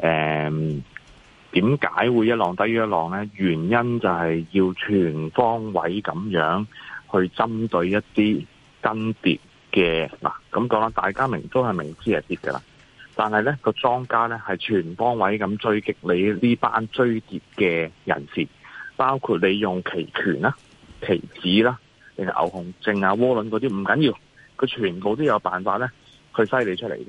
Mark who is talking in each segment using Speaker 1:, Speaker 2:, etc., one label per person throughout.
Speaker 1: 誒，點解、um, 會一浪低於一浪呢？原因就係要全方位咁樣去針對一啲跟跌嘅嗱，咁講啦，大家明都係明知係跌噶啦，但係呢個莊家呢，係全方位咁追擊你呢班追跌嘅人士，包括你用期權啦、啊、期指啦，定係牛熊證啊、窩輪嗰啲，唔緊要，佢全部都有辦法呢去篩你出嚟嘅。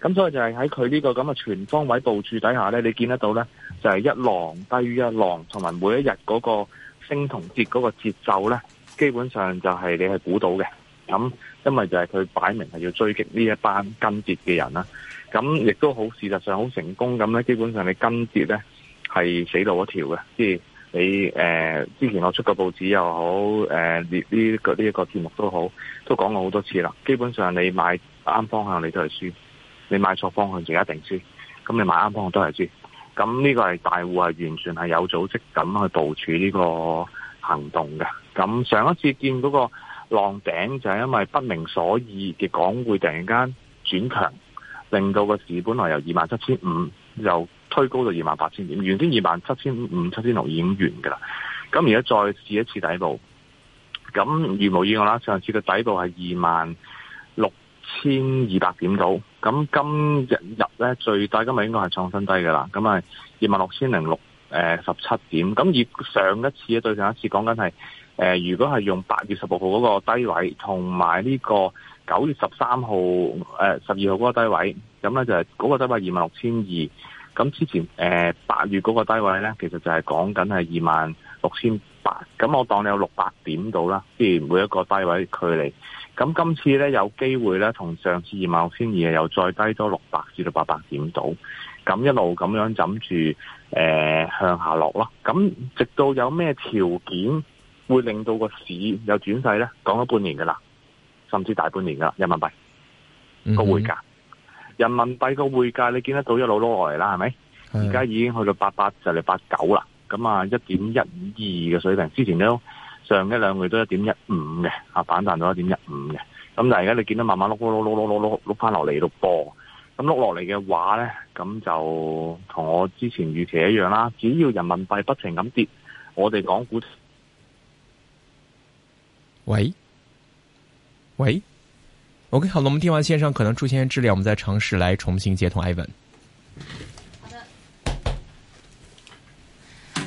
Speaker 1: 咁所以就係喺佢呢個咁嘅全方位部署底下呢，你見得到呢，就係、是、一浪低於一浪，同埋每一日嗰個升同跌嗰個節奏呢，基本上就係你係估到嘅。咁因為就係佢擺明係要追擊呢一班跟跌嘅人啦。咁亦都好事實上好成功咁呢，基本上你跟跌呢係死路一條嘅。即係你誒、呃、之前我出個報紙又好，誒呢呢個呢一、個節目都好，都講過好多次啦。基本上你買啱方向，你都係輸。你買錯方向，就一定知。咁你買啱方向都係知。咁呢個係大戶係完全係有組織咁去部署呢個行動嘅。咁上一次見嗰個浪頂就係因為不明所以嘅港匯突然間轉強，令到個市本來由二萬七千五又推高到二萬八千五，原先二萬七千五七千六已經完㗎啦。咁而家再試一次底部，咁如無意外啦。上次嘅底部係二萬千二百點到，咁今日入咧最大今日應該係創新低噶啦，咁係二萬六千零六誒十七點，咁而上一次咧，對上一次講緊係誒如果係用八月十六號嗰個低位，同埋呢個九月十三號誒十二號嗰個低位，咁咧就係嗰個低位二萬六千二，咁之前誒八月嗰個低位咧，其實就係講緊係二萬六千八，咁我當你有六百點到啦，即係每一個低位距離。咁今次咧有機會咧，同上次二萬六千二又再低多六百至到八百點度，咁一路咁樣枕住、呃、向下落咯。咁直到有咩條件會令到個市有轉勢咧？講咗半年㗎喇，甚至大半年㗎喇，人民幣個匯、嗯、哼價，人民幣個匯價你見得到一路攞落嚟啦，係咪？而家的已經去到八八就嚟八九啦，咁啊一點一五二嘅水平，之前都。上一兩個月都一點一五嘅，啊，反彈到一點一五嘅，咁但係而家你見到慢慢碌碌碌碌碌碌碌翻落嚟度波，咁碌落嚟嘅話咧，咁就同我之前預期一樣啦。只要人民幣不停咁跌，我哋港股喂，
Speaker 2: 喂，喂，OK，好啦，我們電話線上可能出現質量，我們再嘗試來重新接通 Ivan。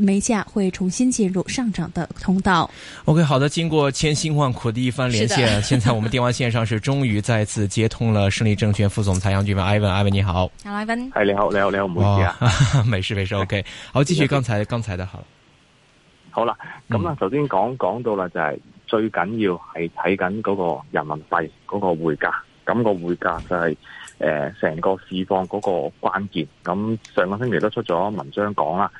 Speaker 3: 煤價會重新進入上漲的通道。
Speaker 2: OK，好的，經過千辛萬苦的一番連線，的現在我們電話線上是終於再次接通了。勝利證券副總裁楊俊文 ，Ivan，Ivan 你好。
Speaker 1: Hello, Ivan 係、hey, 你好，你好，你好，唔好意思啊，沒事、oh,
Speaker 2: 沒事。沒事 Yeah. OK，好，繼續 Yeah. 剛才剛才的好了，好
Speaker 1: 了，好啦，咁啦，頭先講講到啦，就係最緊要係睇緊嗰個人民幣嗰個匯價，咁個匯價就係誒成個市況嗰個關鍵。咁上個星期都出咗文章講啦。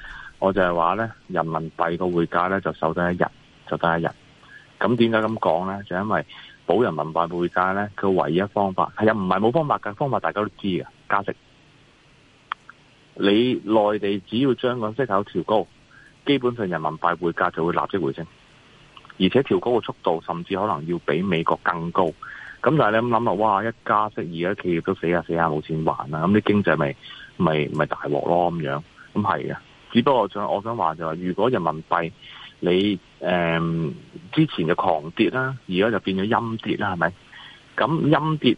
Speaker 1: 我就係話咧，人民幣個匯價咧就守得一日，就得一日。咁點解咁講咧？就因為保人民幣匯價咧，佢唯一方法係啊，唔係冇方法噶，方法大家都知㗎。加息。你內地只要將個息口調高，基本上人民幣匯價就會立即回升，而且調高嘅速度甚至可能要比美國更高。咁但係你咁諗啊，哇！一加息，而家企業都死下、啊、死下、啊、冇錢還啦、啊，咁啲經濟咪咪咪大鑊咯咁樣，咁係嘅。只不過我想我想話就話、是，如果人民幣你誒、嗯、之前就狂跌啦，而家就變咗陰跌啦，係咪？咁陰跌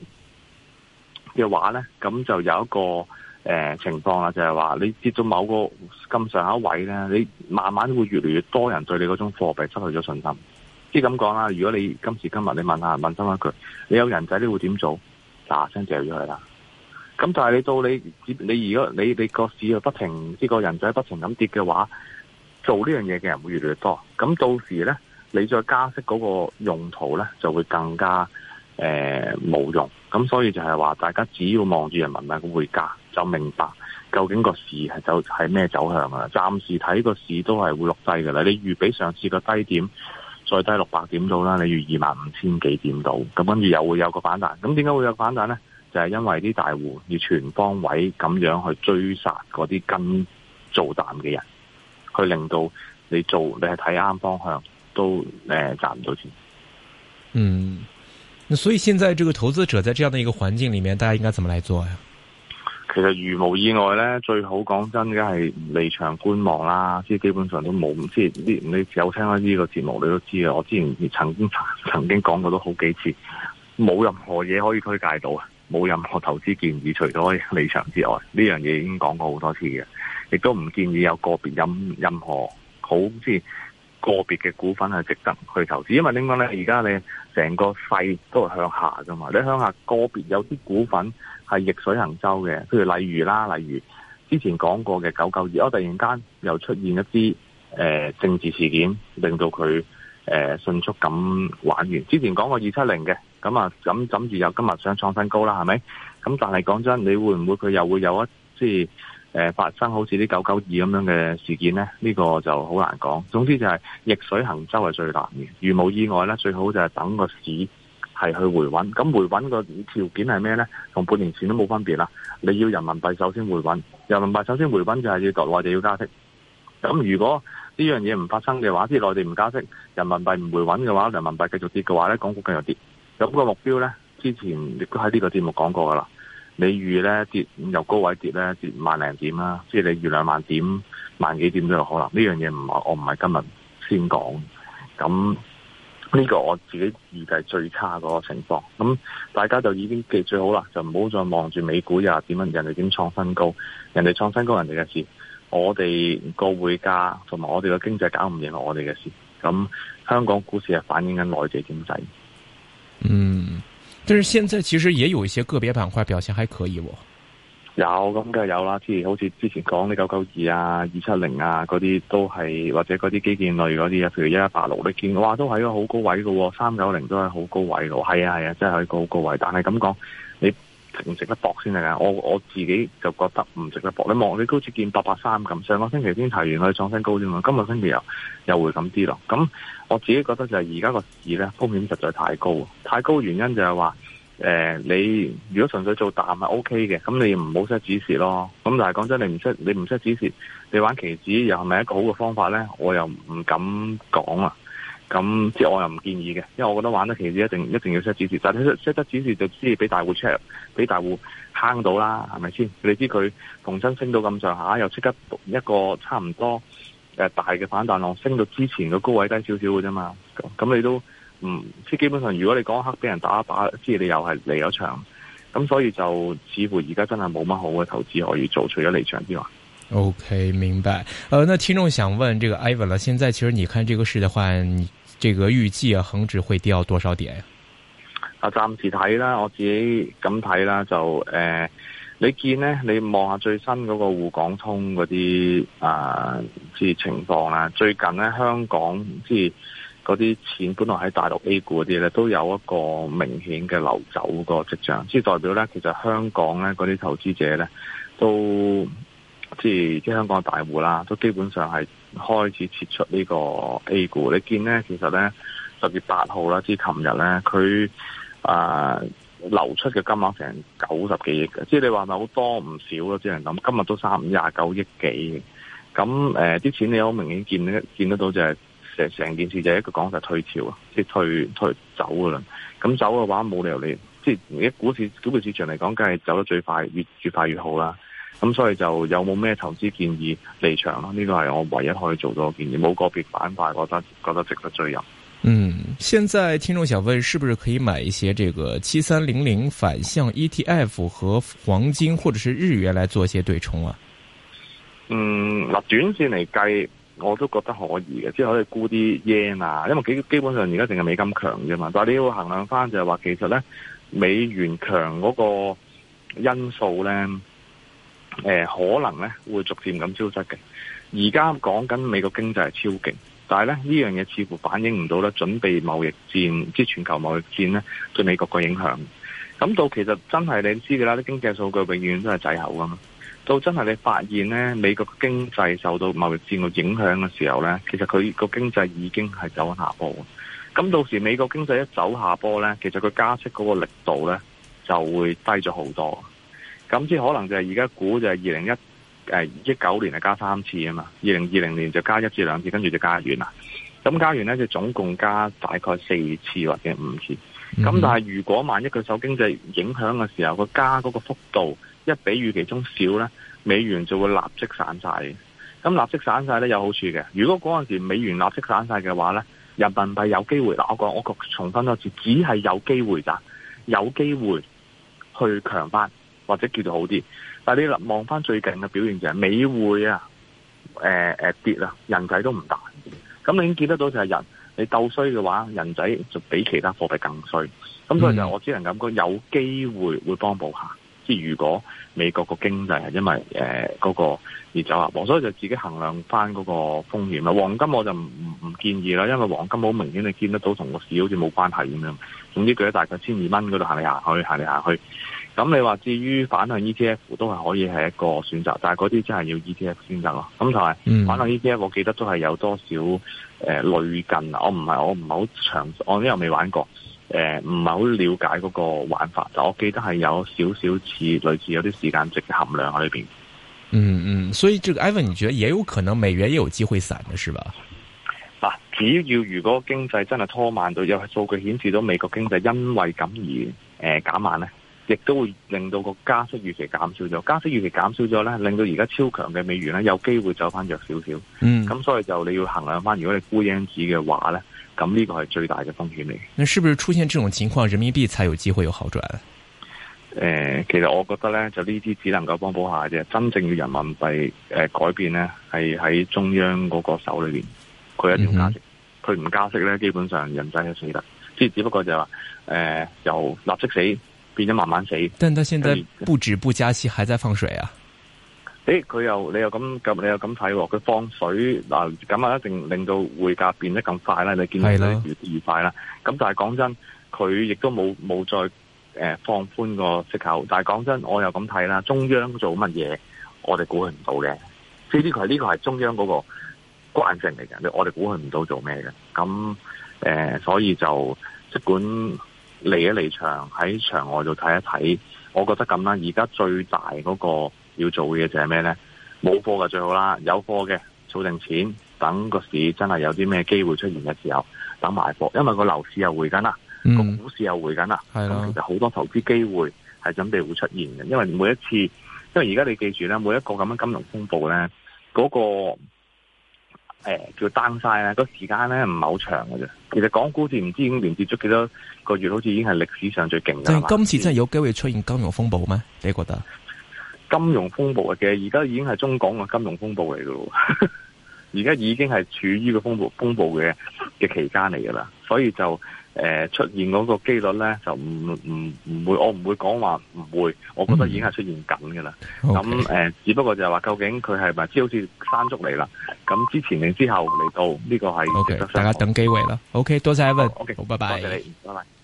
Speaker 1: 嘅話咧，咁就有一個誒、呃、情況啦，就係、是、話你跌到某個咁上下位咧，你慢慢會越嚟越多人對你嗰種貨幣失去咗信心。即係咁講啦，如果你今時今日你問一下問心一句，你有人仔你會點做？嗱聲借咗佢啦。咁但係你到你你如果你你個市又不停，呢個人仔不停咁跌嘅話，做呢樣嘢嘅人會越嚟越多。咁到時呢，你再加息嗰個用途呢，就會更加誒冇、呃、用。咁所以就係話，大家只要望住人民幣匯價，就明白究竟個市係就係咩走向啦。暫時睇個市都係會落低㗎啦。你預畀上次個低點再低六百點度啦，你預二萬五千幾點度。咁跟住又會有個反彈。咁點解會有反彈呢？就係因為啲大戶要全方位咁樣去追殺嗰啲跟做淡嘅人，去令到你做你係睇啱方向都誒、呃、賺唔到錢。
Speaker 2: 嗯，所以現在這個投資者在這樣的一個環境裏面，大家應該怎麼來做呀？
Speaker 1: 其實如無意外咧，最好講真嘅係離場觀望啦，即係基本上都冇。唔知啲你有聽開呢個節目，你都知啊。我之前曾、曾經曾經講過都好幾次，冇任何嘢可以推介到啊。冇任何投資建議，除咗離場之外，呢樣嘢已經講過好多次嘅，亦都唔建議有個別任任何好即係個別嘅股份係值得去投資，因為點解咧？而家你成個勢都係向下噶嘛，你向下個別有啲股份係逆水行舟嘅，譬如例如啦，例如，例如之前講過嘅九九二，我突然間又出現一支、呃、政治事件，令到佢誒、呃、迅速咁玩完。之前講過二七零嘅。咁啊，咁咁而有今日想創新高啦，係咪？咁但係講真，你會唔會佢又會有一即係誒發生好似啲九九二咁樣嘅事件呢？呢個就好難講。總之就係逆水行舟係最難嘅。如冇意外呢，最好就係等個市係去回穩。咁回穩個條件係咩呢？同半年前都冇分別啦。你要人民幣首先回穩，人民幣首先回穩就係要國內地要加息。咁如果呢樣嘢唔發生嘅話，即係內地唔加息，人民幣唔回穩嘅話，人民幣繼續跌嘅話呢，港股繼續跌。咁個目標呢，之前亦都喺呢個節目講過噶啦。你預呢，跌由高位跌呢，跌萬零點啦，啊，即係你預兩萬點、萬幾點都有可能。呢樣嘢唔係我唔係今日先講。咁呢、呢個我自己預計最差嗰個情況。咁大家就已經記，最好啦，就唔好再望住美股又點樣人哋點創新高，人哋創新高人哋嘅事，我哋個匯價同埋我哋個經濟搞唔掂我哋嘅事。咁香港股市係反映緊內地經濟。
Speaker 2: 嗯，但是現在其實也有一些個別板塊表現還可以，哦，
Speaker 1: 有咁梗係有啦，譬如好似之前講啲九九二啊、二七零啊嗰啲，都係或者嗰啲基建類嗰啲啊，譬如一一八六，你見哇都係一個好高位噶，三九零都係好高位咯，係啊係啊，真係喺個好高位，但係咁講你。值唔值得搏先係噶？我我自己就覺得唔值得搏。你望你好似見八八三咁，上個星期先提完佢創新高啫嘛，今日星期又又會咁啲咯。咁我自己覺得就係而家個市咧風險實在太高，太高原因就係話誒你如果純粹做淡係 OK 嘅，咁你唔好識指示咯。咁但係講真，你唔識你唔識指示，你玩期指又係咪一個好嘅方法咧？我又唔敢講啊！咁即係我又唔建議嘅，因為我覺得玩得期指一定一定要識指示，但係識得指示就知係俾大戶 check，俾大戶坑到啦，係咪先？你知佢逢親升到咁上下，又即刻一個差唔多大嘅反彈浪，升到之前嘅高位低少少嘅啫嘛。咁你都唔、嗯、即係基本上，如果你嗰刻俾人打一把，即係你又係離咗場，咁所以就似乎而家真係冇乜好嘅投資可以做，除咗離場之外。
Speaker 2: OK，明白。誒、呃，那聽眾想問這個 Ivan 啦，現在其實你看呢個市嘅話，這個預計恒指會掉多少點？
Speaker 1: 啊，暫時睇啦，我自己咁睇啦，就誒、呃，你見呢，你望下最新嗰個滬港通嗰啲啊，即、呃、情況啦。最近呢，香港即係嗰啲錢本來喺大陸 A 股嗰啲呢，都有一個明顯嘅流走個跡象，即係代表呢，其實香港呢嗰啲投資者呢都。即係即係香港大戶啦，都基本上係開始撤出呢個 A 股。你見咧，其實咧十月八號啦，至琴日咧，佢啊、呃、流出嘅金額成九十幾億嘅。即係你話咪好多唔少咯，只能諗今日都三五廿九億幾。咁誒啲錢你好明顯見咧，見得到就係成成件事就係一個講就係退潮啊，即係退退走噶啦。咁走嘅話冇理由你即係而家股市股票市場嚟講，梗係走得最快，越越快越好啦。咁、嗯、所以就有冇咩投資建議，離場啦？呢個係我唯一可以做到嘅建議。冇個別板塊，我覺得，覺得值得追入。嗯，
Speaker 2: 現在聽眾想問，是不是可以買一些這個七三零零反向 ETF 和黃金，或者是日元來做一些對沖啊嗯？
Speaker 3: 嗯，
Speaker 1: 嗱，短線嚟計，我都覺得可以嘅，即係可以沽啲 yen 啊，因為基基本上而家淨係美金強啫嘛。但係你要衡量翻，就係話其實咧，美元強嗰個因素咧。誒、呃，可能咧會逐漸咁消失嘅。而家講緊美國經濟係超勁，但係咧呢樣嘢似乎反映唔到咧，準備貿易戰，即係全球貿易戰咧對美國嘅影響。咁到其實真係你知噶啦，啲經濟數據永遠都係滯後噶嘛。到真係你發現咧，美、美國經濟受到貿易戰個影響嘅時候咧，其實佢個經濟已經係走下坡。咁到時美國經濟一走下坡咧，其實佢加息嗰個力度咧就會低咗好多。咁即可能就係而家估，就係二零一誒一九年係加三次啊嘛，二零二零年就加一至兩次，跟住就加完啦。咁加完咧就總共加大概四次或者五次。咁、嗯、哼但係如果萬一佢受經濟影響嘅時候，佢加嗰個幅度一比預期中少咧，美元就會立即散晒。咁立即散晒咧有好處嘅。如果嗰陣時美元立即散晒嘅話咧，人民幣有機會嗱，我講我重申多次，只係有機會咋，有機會去強翻。或者叫做好啲，但係你望翻最近嘅表現就係美匯啊，誒、呃、誒、呃、跌啦、啊，人仔都唔大。咁你已經見得到就係人，你鬥衰嘅話，人仔就比其他貨幣更衰。咁所以就我只能感覺有機會會幫補下，即係如果美國個經濟係因為誒嗰、呃嗰個而走下滑，所以就自己衡量翻嗰個風險啦。黃金我就唔唔建議啦，因為黃金好明顯你見得到同個市好似冇關係咁樣，總之佢喺大概千二蚊嗰度行嚟行去，行嚟行去。咁你話至於反向 ETF 都係可以係一個選擇，但係嗰啲真係要 ETF 先得咯。咁同埋反向 ETF，我記得都係有多少誒、呃，累近啊！我唔係我唔係好長，我呢又未玩過，誒唔係好了解嗰個玩法。但我記得係有少少似類似有啲時間值嘅含量喺裏邊。嗯嗯，
Speaker 2: 所以這個 Evan，你覺得也有可能美元也有機會散嘅，是吧？
Speaker 1: 嗱，只要如果經濟真係拖慢，到，又係數據顯示到美國經濟因為咁而誒減、呃、慢咧。亦都會令到個加息預期減少咗，加息預期減少咗咧，令到而家超強嘅美元咧有機會走翻弱少少。嗯，咁所以就你要衡量翻，如果你沽英紙嘅話咧，咁呢個係最大嘅風險嚟。
Speaker 2: 那是不是出現這種情況，人民幣才有機會有好轉？誒、
Speaker 1: 呃，其實我覺得咧，就呢啲只能夠幫補下啫。真正嘅人民幣誒改變咧，係喺中央嗰個手裏邊。佢一定要、嗯啊、加息，佢唔加息咧，基本上人仔都死得。即係只不過就係、是、話，誒、呃，由立即死。變咗慢慢死，但但現在
Speaker 2: 不止不加息，還在放水啊！
Speaker 1: 誒、哎，佢又你又咁咁，你又咁睇喎？佢、哦、放水嗱，咁啊，就一定令到匯價變得咁快啦？你見到咧愉快啦。咁的但係講真，佢亦都冇冇再誒、呃、放寬個息口。但係講真，我又咁睇啦。中央做乜嘢，我哋估佢唔到嘅。呢啲呢個係中央嗰個慣性嚟嘅，我哋估佢唔到做咩嘅。咁誒、呃，所以就即管。離一離場，喺場外度睇一睇，我覺得咁啦。而家最大嗰個要做嘅嘢就係咩呢？冇貨嘅最好啦，有貨嘅儲定錢，等個市真係有啲咩機會出現嘅時候，等埋貨。因為個樓市又回緊啦，個、嗯、股市又回緊啦，咁的其實好多投資機會係準備會出現嘅。因為每一次，因為而家你記住呢，每一個咁樣金融風暴呢，嗰、那個。誒，叫 downside 咧，個時間咧唔係好長嘅啫。其實港股好似唔知已經連接咗幾多個月，好似已經係歷史上最勁嘅。但係今次
Speaker 2: 真係有機會出現金融風暴咩？你覺得？
Speaker 1: 金融風暴嘅，而家已經係中港嘅金融風暴嚟嘅咯。而 家已經係處於個風暴風暴嘅嘅期間嚟噶啦，所以就。誒、呃，出現嗰個機率咧，就唔唔唔會，我唔會講話唔會，我覺得已經係出現緊嘅啦。咁誒，只不過就係話究竟佢係咪即係好似山竹嚟啦？咁之前定之後嚟到呢、這個係，okay，大
Speaker 2: 家等機會啦。OK，多謝 Evan，OK，
Speaker 1: 好，拜拜。多謝你，拜拜。Bye bye。